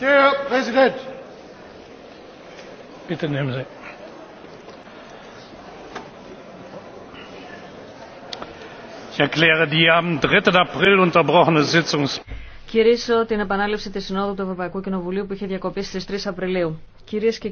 Herr Präsident! Bitte nehmen Sie. Ich erkläre die am 3. April unterbrochene Sitzung. Κυρίσω την επανάληψη της Συνόδου του Ευρωπαϊκού Κοινοβουλίου που είχε διακοπεί στις 3 Απριλίου. Κυρίες και